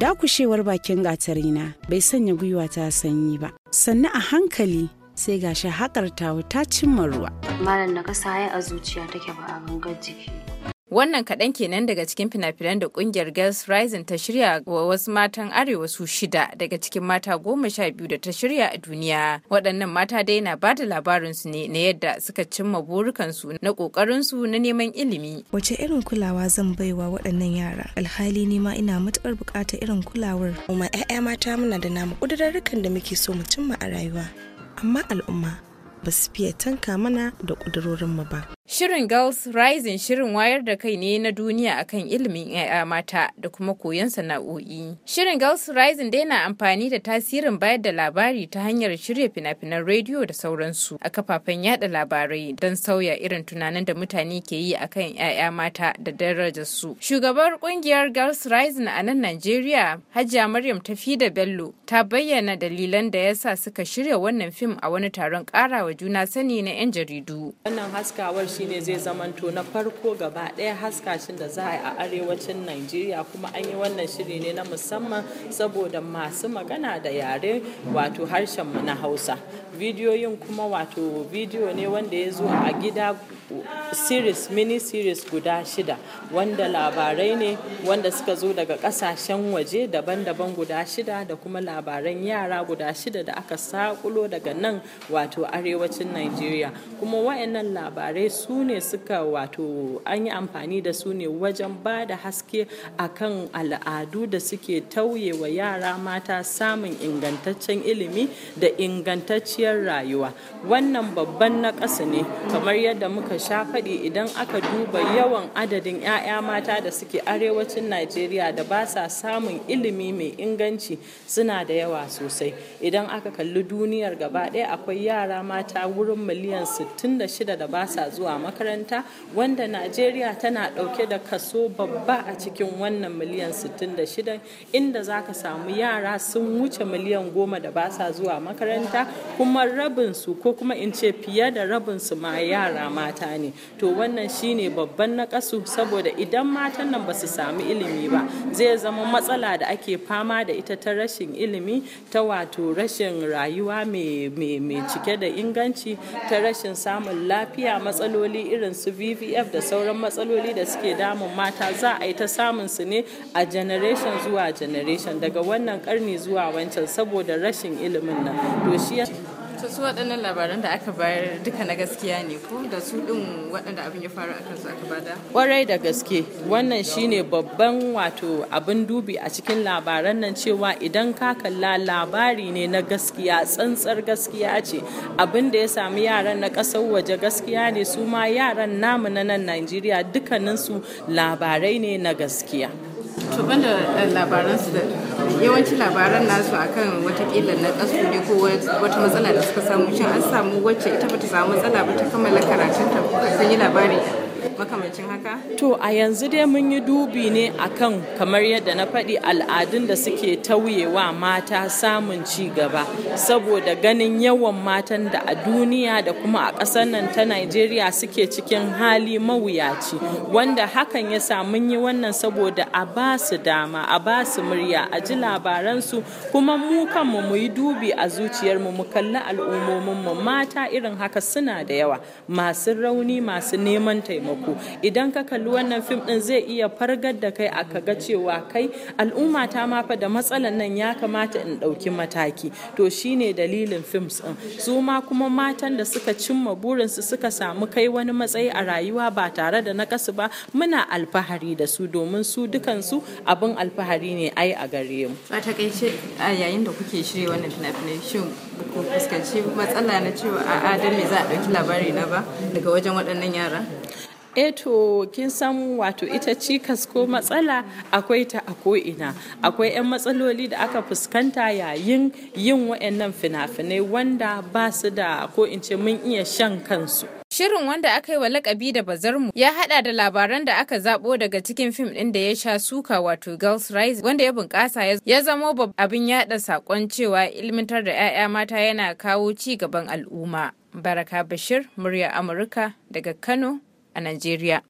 Dakushewar bakin gatarina bai sanya gwiwa ta sanyi ba, sannan a hankali sai gashi haƙar ta cimma ruwa. Malam na kasa ya a zuciya take ba abin jiki. Wannan kaɗan kenan daga cikin fina-finan da ƙungiyar Girls Rising ta shirya wa wasu matan arewa su shida daga cikin mata goma sha biyu da ta shirya a duniya. Waɗannan mata dai na ba da labarinsu ne na yadda suka cimma burukansu na ƙoƙarinsu na neman ilimi. Wace irin kulawa zan baiwa waɗannan yara? Alhali ni ma ina matuƙar buƙatar irin kulawar. Kuma 'ya'ya mata muna da namu ƙudurarrukan da muke so mu cimma a rayuwa. Amma al'umma ba su fiye tanka mana da ƙudurorinmu ba. Shirin Girls Rising shirin wayar da kai ne na duniya akan ilimin 'ya'ya mata da kuma koyon sana'o'i. Shirin Girls Rising dai na amfani da tasirin bayar da labari ta hanyar shirya fina-finan rediyo da sauransu a kafafen yada labarai don sauya irin tunanin da mutane ke yi akan 'ya'ya mata da darajar su. Shugabar kungiyar Girls Rising a nan Najeriya, Hajiya Maryam da Bello, ta bayyana dalilan da yasa suka shirya wannan fim a wani taron karawa juna sani na 'yan jaridu. Wannan haskawar shine zai zamanto na farko gaba ɗaya haskashin da za a yi a arewacin Najeriya kuma an yi wannan shiri ne na musamman saboda masu magana da yare wato harshen mu na Hausa. Bidiyoyin kuma wato bidiyo ne wanda ya zo a gida series mini series guda shida wanda labarai ne wanda suka zo daga kasashen waje daban-daban guda shida da kuma labaran yara guda shida da aka sakulo daga nan wato arewacin Najeriya kuma wayannan labarai su su ne suka wato an yi amfani da su ne wajen ba da haske a kan al'adu da suke tauye wa yara mata samun ingantaccen ilimi da ingantacciyar rayuwa wannan babban naƙasa ne kamar yadda muka sha faɗi idan aka duba yawan adadin 'ya'ya mata da suke arewacin najeriya da ba sa samun ilimi mai inganci suna da yawa sosai idan aka kalli duniyar gaba ɗaya akwai yara mata wurin miliyan 66 da ba sa zuwa makaranta wanda najeriya tana dauke da kaso babba a cikin wannan miliyan 66 inda za ka samu yara sun wuce miliyan goma da ba sa zuwa makaranta kuma rabinsu ko kuma in ce fiye da rabinsu ma yara mata ne to wannan shine babban nakasu saboda idan matan nan ba su samu ilimi ba zai zama matsala da ake fama da ita ta rashin ilimi ta wato rashin rayuwa mai cike da inganci ta rashin samun lafiya matsaloli matsaloli irin su vvf da sauran matsaloli da suke damun mata za a yi ta samun su ne a generation zuwa generation daga wannan karni zuwa wancan saboda rashin ilimin nan to su waɗannan labaran da aka bayar duka na gaskiya ne ko da su ɗin waɗanda abin ya faru akan su aka bada ƙwarai da gaske wannan shine babban wato abin dubi a cikin labaran nan cewa idan ka kalla labari ne na gaskiya tsantsar gaskiya ce abin da ya sami yaran na ƙasar waje gaskiya ne su ma yaran namu na nan Najeriya dukkaninsu labarai ne na gaskiya. To banda labaransu da yawanci labaran nasu akan watakila na kasu ne ko wata matsala da suka samu shi an samu wacce ita bata samu matsala ba ta kammala karatunta ko san yi labari makamancin haka? To a yanzu dai mun yi dubi ne akan kamar yadda na faɗi al'adun da suke tauyewa mata samun ci gaba saboda ganin yawan matan da a duniya da kuma a ƙasar nan ta Najeriya suke cikin hali mawuyaci wanda hakan ya sa mun yi wannan saboda a ba su dama a ba su murya a ji labaransu kuma mu kanmu mu yi dubi a zuciyarmu mu kalli al'ummominmu mata irin haka suna da yawa masu rauni masu neman taimako ku idan ka kalli wannan fim din zai iya fargar da kai aka ga cewa kai al'umma ta ma fa da matsalan nan ya kamata in ɗauki mataki to shine dalilin fim din su ma kuma matan da suka cimma burinsu suka samu kai wani matsayi a rayuwa ba tare da na kasu ba muna alfahari da su domin su dukansu abin alfahari ne ai a gare mu a takaice a yayin da kuke shirya wannan fina-finai shin ku fuskanci matsala na cewa a'a don me za a ɗauki labari na ba daga wajen waɗannan yara e to kin san wato ita cikas ko matsala akwai ta a ko'ina akwai 'yan matsaloli da aka fuskanta yayin yin wa'annan fina-finai wanda ba su da ko in ce mun iya shan kansu Shirin wanda aka yi wa lakabi da bazarmu ya hada da labaran da aka zabo daga cikin fim din da ya sha suka wato Girls Rise wanda ya bunkasa ya zamo abin yada sakon cewa ilmantar da 'ya'ya mata yana kawo ci gaban al'umma. Baraka Bashir, murya Amurka daga Kano, and Nigeria